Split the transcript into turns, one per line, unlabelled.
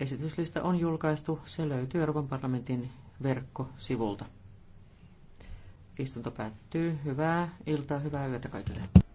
Esityslista on julkaistu. Se löytyy Euroopan parlamentin verkkosivulta. Istunto päättyy. Hyvää iltaa, hyvää yötä kaikille.